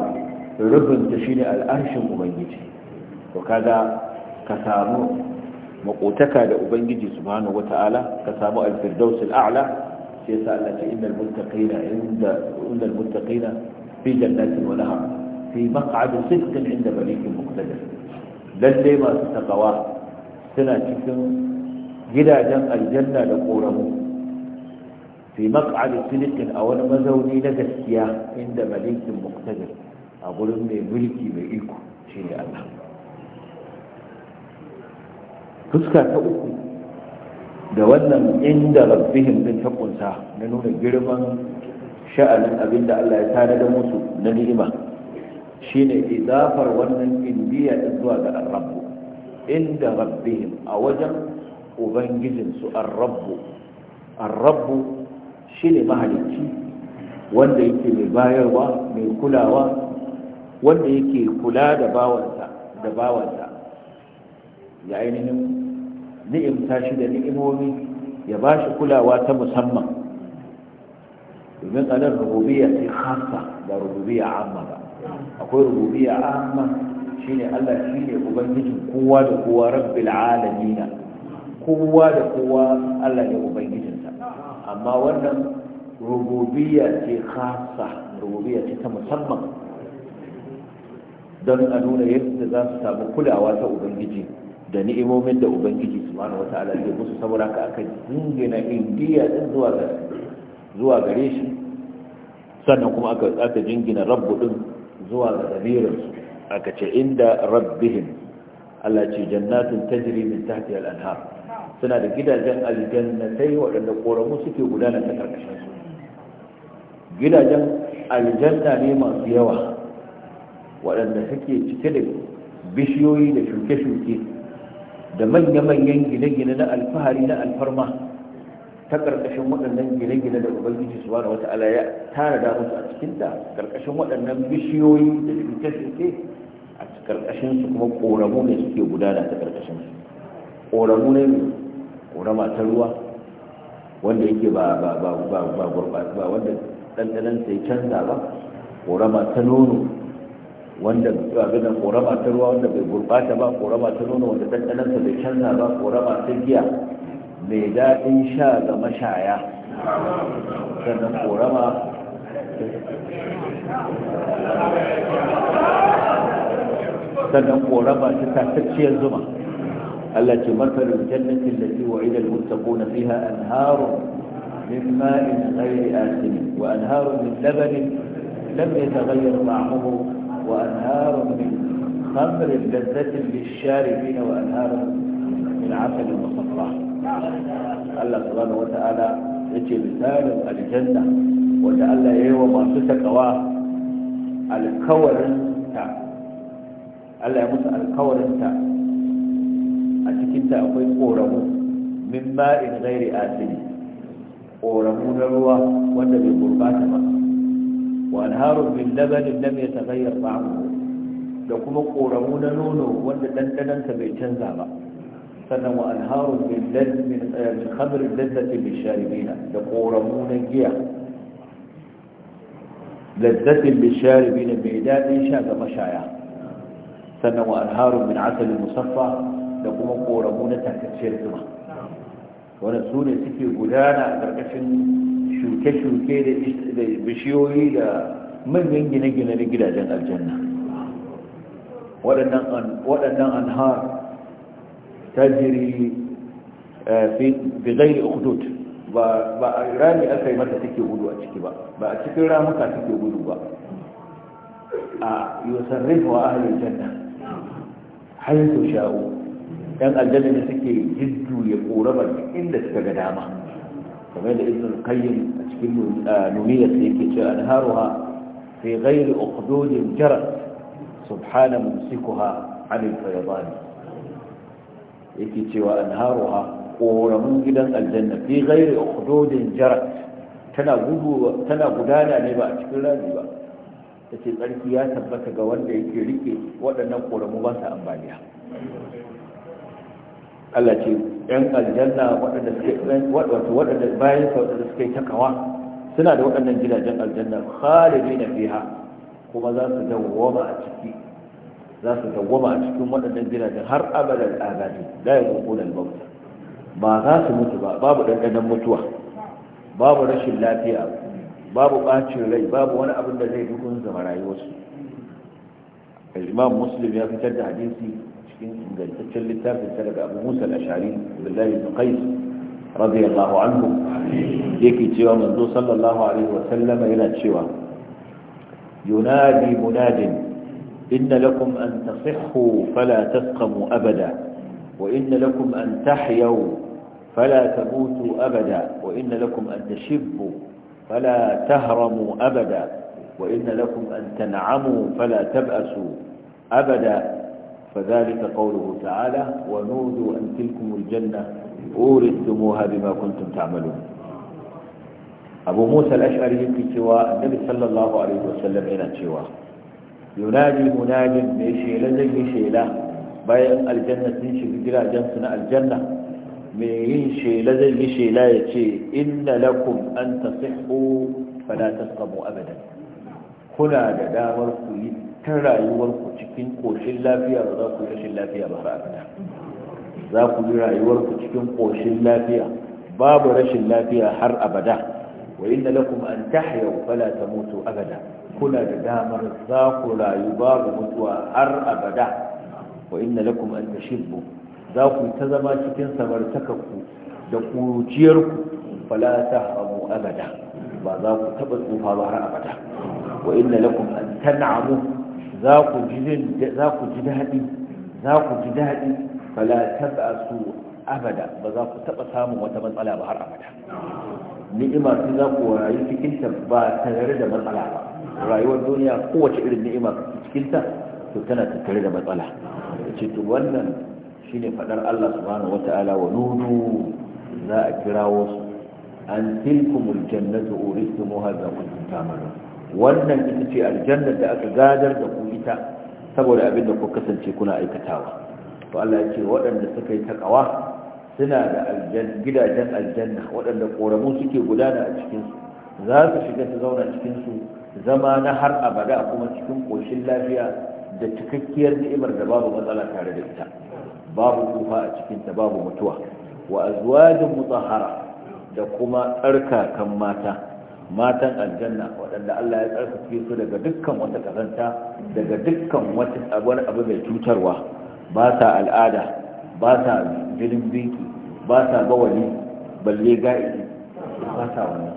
rufinta shine al'arshin ubangiji to kaga ka samu makotaka da ubangiji subhanahu wata'ala ka samu al-firdaus al-a'la shi yasa Allah ce innal muttaqina inda innal muttaqina fi jannatin wa nahar fi maq'adi sidqin inda malikin muqtadir lalle masu takawa suna cikin gidajen aljanna da koramu fi maq'adi sidqin a wani mazauni na gaskiya inda malikin muqtadir a gurin mai mulki mai iko shine Allah fuska ta uku da wannan inda rabbihim din ta kunsa na nuna girman sha'anin abin da Allah ya tare da musu na ni'ima shine idafar wannan indiya din zuwa ga ar-rabb inda rabbihim a wajen ubangijin su ar-rabb ar-rabb shine mahalicci wanda yake mai bayarwa mai kulawa wanda yake kula da bawansa da bawansa ya ainihin ni'imta shi da ni'imomi ya ba shi kulawa ta musamman domin anan rububiya sai khassa ba rububiya amma ba akwai rububiya amma ne Allah ne ubangijin kowa da kowa rabbil alamin kowa da kowa Allah ne ubangijinsa amma wannan rububiya ce khassa rububiya ce ta musamman don a nuna yadda za su samu kulawa ta ubangiji da ni'imomin da ubangiji subhanahu wata'ala ya musu saboda ka aka jingina indiya din zuwa ga zuwa gare shi sannan kuma aka aka jingina rabbu din zuwa ga dabirin aka ce inda rabbihim Allah ce jannatin tajri min tahtiha al-anhar suna da gidajen aljannatai waɗanda koramu suke gudana ta karkashin su gidajen aljanna ne masu yawa waɗanda suke cike da bishiyoyi da shuke-shuke da manya-manyan gine-gine na alfahari na alfarma ta ƙarƙashin waɗannan gine-gine da ubangiji su wata ala ya tara da musu a cikinta ƙarƙashin waɗannan bishiyoyi da shuke-shuke a ƙarƙashin su kuma ƙoramu ne suke gudana ta ƙarƙashin su ƙoramu ne ƙorama ta ruwa wanda yake ba ba ba ba ba ba wanda ɗanɗanansa ya canza ba ƙorama ta nono wanda abin da korama ta ruwa wanda bai gurbata ba korama ta nono wanda ɗanɗanarsa bai canza ba korama ta giya mai daɗin sha ga mashaya sannan korama sannan korama ta tasacciyar zuma Allah ce mafarin jannatin da ke wa'ida al-muttaquna fiha anharun min ma'in ghairi asin wa anharun min labanin lam yataghayyar ma'amuhu وأنهار من خمر لذة للشاربين وأنهار من عسل مصفى الله سبحانه وتعالى يجي مثال الجنة وجعل يوم ما ستكواه alkawarinta Allah ya musu ta a cikinta akwai ƙoramu min ma'in gairi asiri ƙoramu na ruwa wanda bai gurbata ba wa anharun min labanin lam yataghayyar ta'amuhu da kuma koramu na nono wanda dandanansa bai canza ba sannan wa anharun min ladmin min eh, khamr ladzati lisharibina da koramu na giya ladzati lisharibina bai dadin sha ga mashaya sannan wa musaffa da kuma na takacciyar zuma wannan sune suke gudana a karkashin shuke-shuke da bishiyoyi da manyan gine-gine na gidajen aljanna waɗannan an har ta jiri eh, fi zai ukudut ba a rami aka yi mata take gudu a ciki ba ba a cikin ramuka take gudu ba a yusarrifu a halin janna hanyar sha'u yan aljanna ne suke jiddu ya ƙorabar inda suka ga dama kamar da ibn al-qayyim a cikin nuniyar da yake cewa anharuha fi ghairi ukhdudin jarat subhana mumsikuha an al-fayadan yake cewa anharuha koramin gidan aljanna fi ghairi ukhdudin jarat tana gudana ne ba a cikin rami ba tace tsarki ya tabbata ga wanda yake rike waɗannan koramu ba sa ambaliya Allah ce ‘yan aljanna waɗanda bayan sa waɗanda suka yi takawa suna da waɗannan gidajen aljanna khalidi na fiha kuma za su dawwama a ciki za su dawwama a cikin waɗannan gidajen har abadan abadi la ya zuku da ba za su mutu ba babu ɗanɗanon mutuwa babu rashin lafiya babu ɓacin rai babu wani abin da zai dukun zama rayuwarsu imam muslim ya fitar da hadisi الفجر الثالث سنة أبو موسى الأشعري بالله بن قيس رضي الله عنه يكي تشوى من صلى الله عليه وسلم إلى تشوى ينادي مناد إن لكم أن تصحوا فلا تسقموا أبدا وإن لكم أن تحيوا فلا تموتوا أبدا وإن لكم أن تشبوا فلا تهرموا أبدا وإن لكم أن تنعموا فلا تبأسوا أبدا فذلك قوله تعالى ونودوا أن تلكم الجنة أورثتموها بما كنتم تعملون أبو موسى الأشعري في سوى النبي صلى الله عليه وسلم إلى سوى ينادي مناد ميشيلا زي ميشيلا باي الجنة تنشي في جلا جنسنا الجنة ميشيلا زي ميشيلا يتشي إن لكم أن تصحوا فلا تسقموا أبدا هنا دامر قيد ta rayuwarku cikin ƙoshin lafiya ba za ku yi rashin lafiya ba sa'adda za ku yi rayuwarku cikin ƙoshin lafiya babu rashin lafiya har abada wa inna kuma an tahyau ta mutu abada kuna da damar za ku rayu babu mutuwa har abada wa inna kuma an ta tashibbu za ku ta zama cikin samartakarku da kuruciyarku ta tahramu abada ba za ku taɓa tsufa ba har abada wa inna kuma an tan'amu za ku ji daɗi za ku ji daɗi su abada ba za ku taba samun wata matsala ba har abada ni'ima sun za ku rayu cikinta ba tare da matsala ba rayuwar duniya kowace irin ni'ima cikinta to tana tattare da matsala ce to wannan shine faɗar Allah subhanahu wata'ala wa nudu za a kirawo su an tilkumul jannatu uristumuha za kuntum ta'malun wannan ita ce aljannar da aka gadar da ku ita saboda abin da ku kasance kuna aikatawa to Allah ya ce waɗanda suka yi takawa suna da aljanna gidajen aljanna waɗanda koramu suke gudana a cikin su za su shiga su zauna cikin su zama na har abada kuma cikin koshin lafiya da cikakkiyar ni'imar da babu matsala tare da ita babu kufa a cikin ta babu mutuwa wa azwajin mutahhara da kuma tsarkakan mata matan aljanna waɗanda Allah ya tsarkake su daga dukkan wata kazanta daga dukkan wata wani abu mai cutarwa ba sa al'ada ba sa jinin biki ba sa bawali balle ga'i ba sa wannan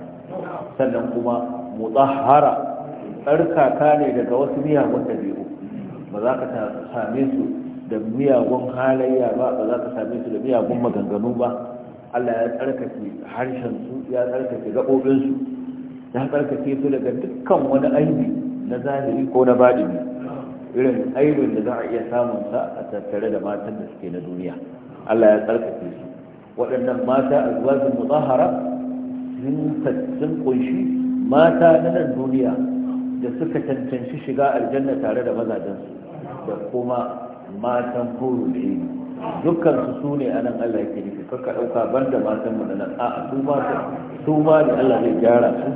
sannan kuma mutahara tsarkaka ne daga wasu miyagun ɗabi'u ba za ka same su da miyagun halayya ba ba za ka same su da miyagun maganganu ba Allah ya tsarkake harshen su ya tsarkake gaɓoɓinsu na tsarkake su daga dukkan wani aibi na zahiri ko na badini irin aibin da za a iya samun sa a tattare da matan da suke na duniya Allah ya tsarkake su waɗannan mata azwajin mutahara sun kunshi mata na nan duniya da suka cancanci shiga aljanna tare da mazajensu da kuma matan horo da ilimi dukkan su su ne anan Allah yake nufi kakka ɗauka ban da matan mu nan a su ba su ba ne Allah zai gyara su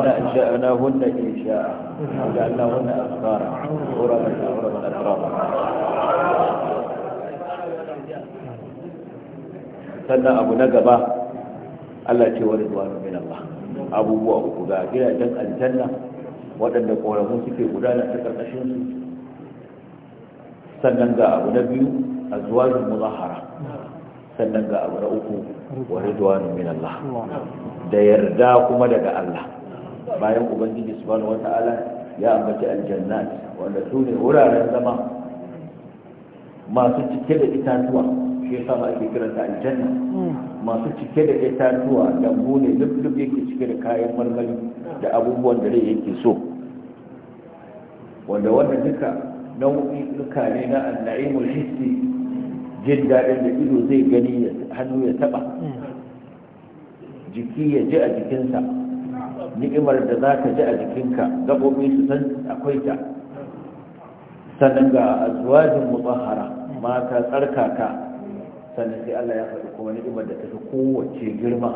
da insha Allah wanda hunna sha da Allah wanda asara ora da ora da ora sannan abu na gaba Allah ce wa ridwanu min Allah abubuwa uku ga gidajen aljanna waɗanda ƙoramu suke gudana ta ƙarƙashin su sannan ga abu na biyu azwajul muzahara sannan ga abu na uku wa ridwan min Allah da yarda kuma daga Allah bayan ubangiji subhanahu wata'ala ya ambaci aljannat wanda su ne wuraren zama masu cike da itatuwa shi yasa ba ake kiranta aljanna masu cike da itatuwa da ne duk yake cike da kayan marmari da abubuwan da rai yake so wanda wannan duka nau'i duka ne na annaimul hissi jin daɗin da ido zai gani hannu ya taɓa jiki ya ji a jikinsa ni'imar da za ka ji a jikinka gaɓoɓi su san akwai ta sannan ga azwajin mutahara mata tsarkaka sannan sai Allah ya faɗi kuma ni'imar da ta fi kowace girma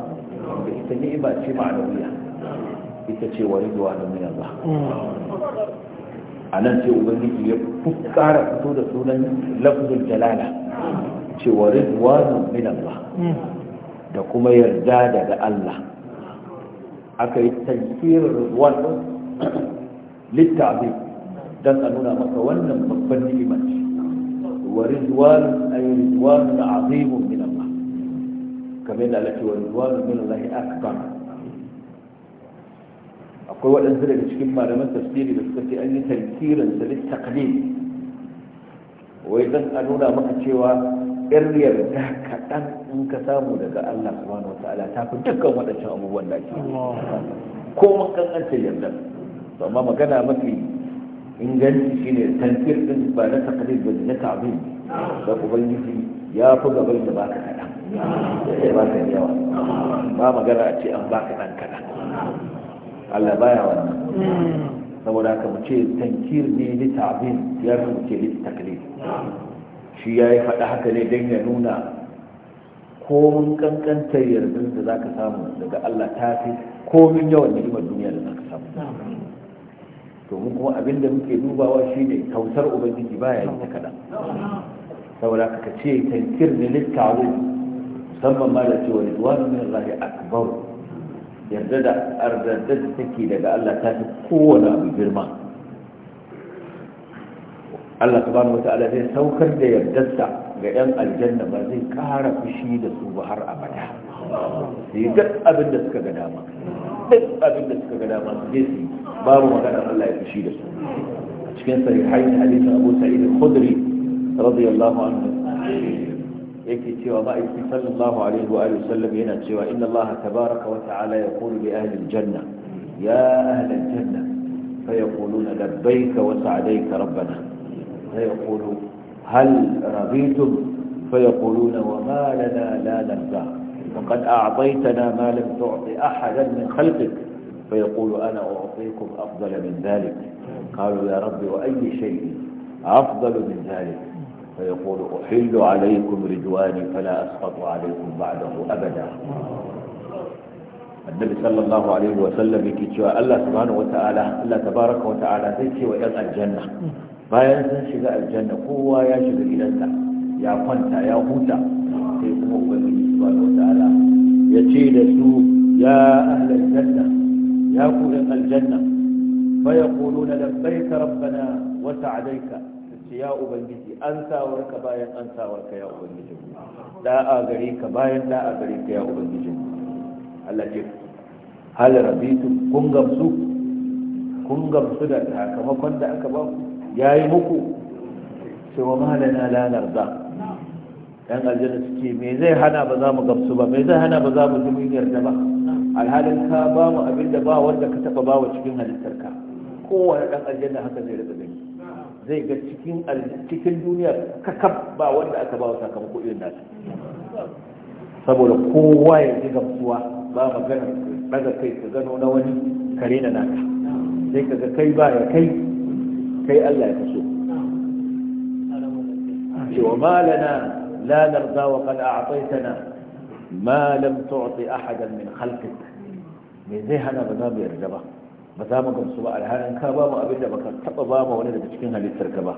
da ita ni'ima ce ma'anawiya ita ce wani zuwa na a nan sai ubangiji ya kara fito da sunan lafzul jalala cewa rizwanun min Allah da kuma yarda daga Allah aka yi tankirin rizwan din littafi don a nuna maka wannan babban ni'ima ce wa rizwanun ay rizwanun azimun min Allah kamar da Allah ce wa rizwanun min Allah ya akbar akwai waɗansu daga cikin malaman tafsiri da suka ce an yi tankirin sa littaqlil wai dan a nuna maka cewa yar yarda kaɗan in ka samu daga Allah subhanahu wataala ta fi dukkan waɗancan abubuwan da ake ko mun kankanta yarda amma magana mafi inganci shine tankir din ba na taqlil ba na ta'zim da ubangiji ya fi gaban da baka kaɗan ba ka yawa ba magana a ce an baka ɗan kaɗan Allah baya hmm. saboda haka mu ce tankir ne ni ta'bin ya fi mu ce taklif shi ya yi faɗa haka ne don ya nuna mun kankantar yardin da za ka samu daga Allah ta fi mun yawan ni'imar duniya da za ka samu to mun kuma abin da muke dubawa shine kautar ubangiji baya yi ta kaɗan saboda ka ce tankir ne littawin musamman ma da cewa ridwanu min Allah akbar yarda da arzardar da take daga Allah ta fi kowane abu girma Allah subhanahu ta'ala zai saukar da yardarsa ga 'yan aljanna ba zai kara fushi da su ba har abada sai duk abin da suka ga dama duk abin da suka ga dama su je su babu magana Allah ya fushi da su cikin sahihain hadisin Abu Sa'id al-Khudri radiyallahu anhu yake cewa ma'aiki sallallahu alaihi wa alihi sallam yana cewa inna Allah tabaaraka wa ta'ala yaqulu li ahli al-janna ya ahli al-janna fayaquluna labbayka wa sa'alayka rabbana fayaqulu hal raditum fayaquluna wa ma lana la narda وقد أعطيتنا ما لم تعطي أحدا من خلقك ana u'tiikum afdala min dhalik qalu ya rabbi wa ayyi shay'in afdalu min dhalik فيقول أحل عليكم رجواني فلا أسقط عليكم بعده أبدا النبي صلى الله عليه وسلم يكتشوى الله سبحانه وتعالى الله تبارك وتعالى تكي وإلى الجنة bayan sun shiga aljanna kowa ya shiga gidansa ya kwanta ya huta sai kuma ubangiji subhanahu wataala ya ce da su ya ahlal janna ya ku dan aljanna fa yaquluna labbaika rabbana wa ce ya ubangiji an sawar ka bayan an sawar ka ya ubangiji da'a gare ka bayan da'a gare ka ya ubangiji Allah ce hal rabitu kun gamsu kun gamsu da sakamakon da aka ba ku yayi muku sai wa malana la narda dan aljanna suke me zai hana ba za mu gamsu ba me zai hana ba za mu ji yarda ba alhalin ka ba mu abin da ba wanda ka taba ba wa cikin halittarka kowane dan aljanna haka zai rika gani zai ga cikin cikin duniya kakab ba wanda aka ba wa sakamako irin nasu saboda kowa ya ji gamsuwa ba magana daga kai ka gano na wani kare na naka sai ka ga kai ba ya kai kai Allah ya kaso cewa malana la لا نرضى وقد أعطيتنا ما لم تعطي أحدا من خلقك من ذهن بذاب يرجبه ba za mu gamsu ba alhalin ka ba mu abin da baka taba ba mu wani daga cikin halittar ka ba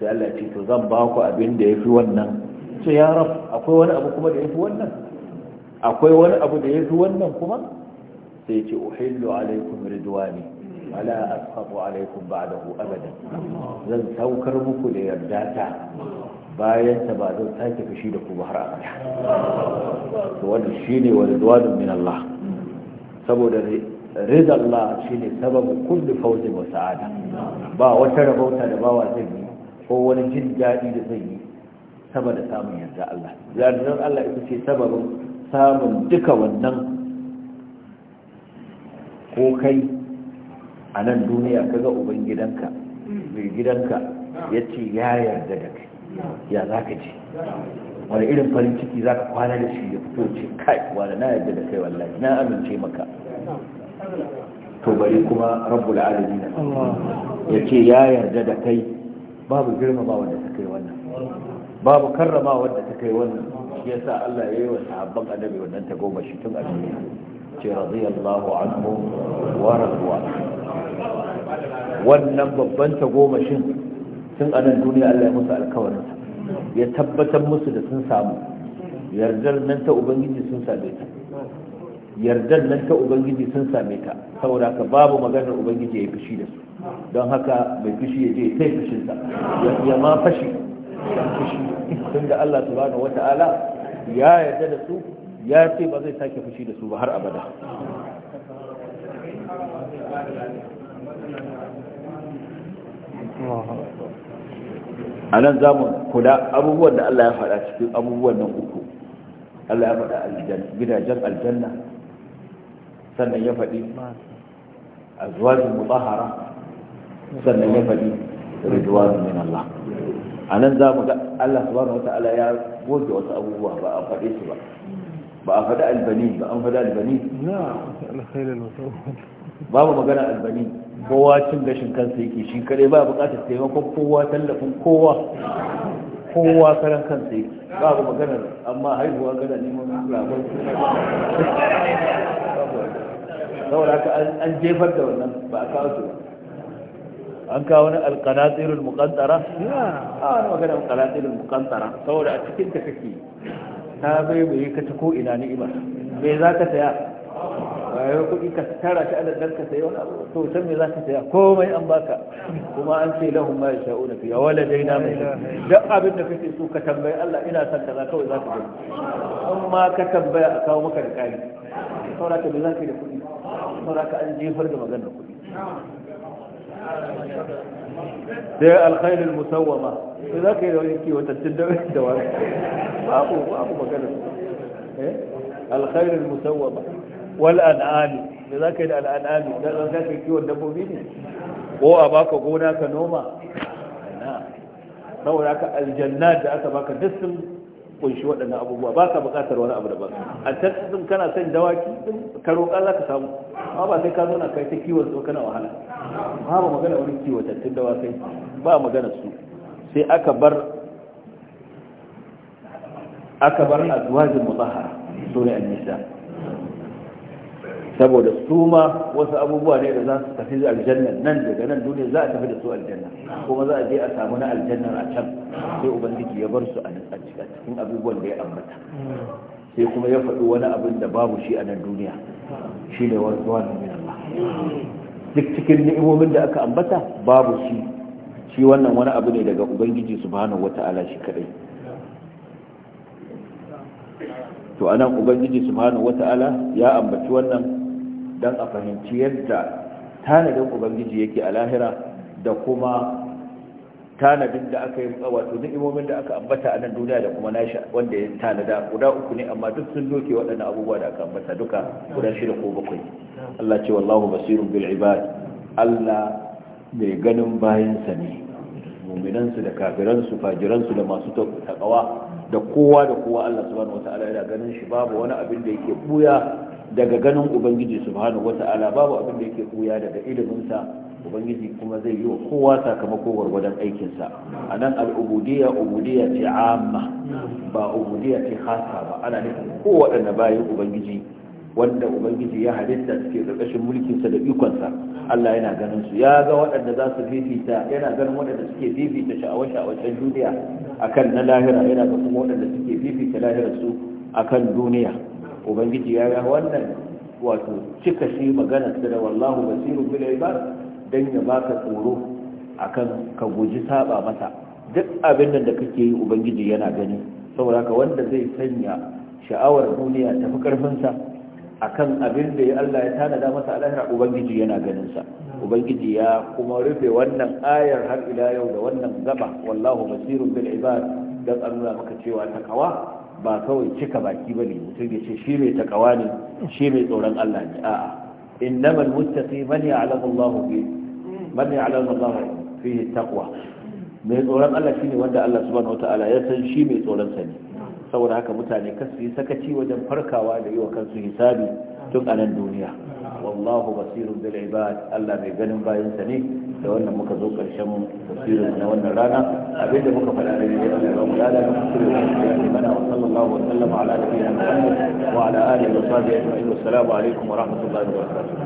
sai Allah ya ce to zan ba ku abin da yafi wannan To ya rab akwai wani abu kuma da yafi wannan akwai wani abu da yafi wannan kuma sai ya ce uhillu alaikum ridwani wala asqatu alaikum ba'dahu abadan zan saukar muku da yardata bayan ta ba zan sake fushi da ku ba har abada to wannan shine wa ridwanun min Allah saboda رضا الله شيني Sa'ada, ba wata وسعادة da bawa لباوا yi ko wani jin daɗi da zai yi saboda samun yarda Allah yardar Allah ita ce sababin samun duka wannan ko kai a nan duniya kaga uban gidanka mai gidanka ya ce ya yarda da kai ya za ka ce wani irin farin ciki za ka kwana da shi ya fito ce kai wani na yarda da kai wallahi na amince maka to bari kuma rabbul alamin ya ce ya yarda da kai babu girmamawa wanda ta kai wannan babu karramawa wanda ta kai wannan shi yasa Allah ya yi wa sahabban annabi wannan ta goma shi tun a duniya ce radiyallahu anhu wa radwa wannan babban ta goma shin tun a nan duniya Allah ya musu alkawarin ya tabbatar musu da sun samu yardar nan ta ubangiji sun same ta yardan nan ta ubangiji sun same ka, saboda ka babu maganar ubangiji ya fushi da su don haka mai fushi ya je ta fushinsa ya ma fashi fushi tun da Allah subhanahu wata'ala ya yarda da su ya ce ba zai sake fushi da su ba har abada a nan za mu kula abubuwan da Allah ya faɗa cikin abubuwan nan uku Allah ya faɗa gidajen aljanna sannan ya faɗi a azwajin mutahara sannan ya faɗi ridwanu min Allah a nan za mu ga Allah su subhanahu wata'ala ya goge wasu abubuwa ba a faɗe su ba ba a faɗi albani ba an faɗi albani babu magana albani kowa cin gashin kansa yake shi kadai ba buƙatar taimakon kowa tallafin kowa kowa karan kansa yake babu magana amma haihuwa gana neman labar saboda haka an jefar da wannan ba a kawo su an kawo wani alkalatirul mukantara a ah, wani magana alkalatirul mukantara saboda a cikin ta kake ta bai bai ka ta ko ina ni ni'ima me za ka saya bayan kuɗi ka tara shi adadin ka sayi wani abu to san me za ka saya komai an baka kuma an ce lahum ma yasha'u na fiya wala dai na mai duk abin da kake so ka tambayi Allah ina son ka kaza kawai za ka gani amma ka tambaya a kawo maka da kari sauraka da za ka yi da kuɗi sauraka an jefar da maganar kuɗi sai alkhairul musawwama sai za ka yi da wani kiwo tattun da wani da wani babu babu maganar alkhairul musawwama wal an'ami da za ka yi da al'an'ami da za ka yi kiwon dabbobi ne ko a baka gona ka noma saboda ka aljanna da aka baka duk sun kunshi waɗannan abubuwa ba ka buƙatar wani abu daban a tattalin kana son dawaki ka roƙa za ka samu amma ba sai ka zo na kai ta kiwon su kana wahala ba magana wani kiwatattun dawakai ba magana su sai aka bar aka bar azwajin mutahhara sura an-nisa saboda su ma wasu abubuwa ne da za su tafi da aljanna nan daga nan duniya za a tafi da su aljanna kuma za a je a samu na aljannan a can sai ubangiji ya bar su a cikin abubuwan da ya ambata sai kuma ya faɗi wani abin da babu shi a nan duniya shi ne wani zuwa na Allah duk cikin ni'imomin da aka ambata babu shi shi wannan wani abu ne daga ubangiji subhanahu wata'ala shi kadai to anan ubangiji subhanahu wata'ala ya ambaci wannan don a fahimci yadda tanadin ubangiji yake a lahira da kuma tanadin da aka yi wato ni'imomin da aka ambata a nan duniya da kuma nashi wanda ya tanada guda uku ne amma duk sun doke waɗannan abubuwa da aka ambata duka guda shida ko bakwai Allah ce wallahu basirun bil ibad Allah mai ganin bayansa ne mu'minansu da fajiran fajiransu da masu takawa da kowa da kowa Allah subhanahu wataala yana ganin shi babu wani abin da yake buya daga ganin ubangiji subhanahu wata'ala babu abin da yake koya daga iliminsa ubangiji kuma zai yi wa kowa sakamako gwargwadon aikinsa a nan al'ubudiyya ubudiyya ce amma ba ubudiyya ce hasa ba ana nufin kowaɗanne bayan ubangiji wanda ubangiji ya halitta suke ƙarƙashin mulkinsa da ikonsa Allah yana ganin su ya ga waɗanda za su fifita yana ganin waɗanda suke fifita sha'awa-sha'awacen duniya akan na lahira yana ga kuma waɗanda suke fifita lahirar su akan duniya ubangiji ya yi wannan wato cika shi magana da wallahu basirun bil ibad dan ya baka tsoro akan ka guji saba masa duk abin nan da kake yi ubangiji yana gani saboda haka wanda zai sanya sha'awar duniya ta fi karfin sa akan abin da ya Allah ya tanada masa alahira ubangiji yana ganin sa ubangiji ya kuma rufe wannan ayar har ila yau da wannan gaba wallahu basirun bil ibad dan an maka cewa takawa ba kawai cika baki ba ne mutum ya ce shi mai takawa ne shi mai tsoron Allah ne a'a innamal muttaqi man ya'lamu Allah bi man ya'lamu Allah fihi taqwa mai tsoron Allah shine wanda Allah subhanahu wataala ya san shi mai tsoron sa ne saboda haka mutane kasu yi sakaci wajen farkawa da yi wa kansu hisabi tun a nan duniya wallahu basirun bil ibad Allah mai ganin bayan sa ne da wannan muka zo karshen tafsirin na wannan rana abinda muka faɗa da ne Allah ya mu lada da tafsirin mana wa sallallahu wa sallama ala nabiyyina wa ala wa wa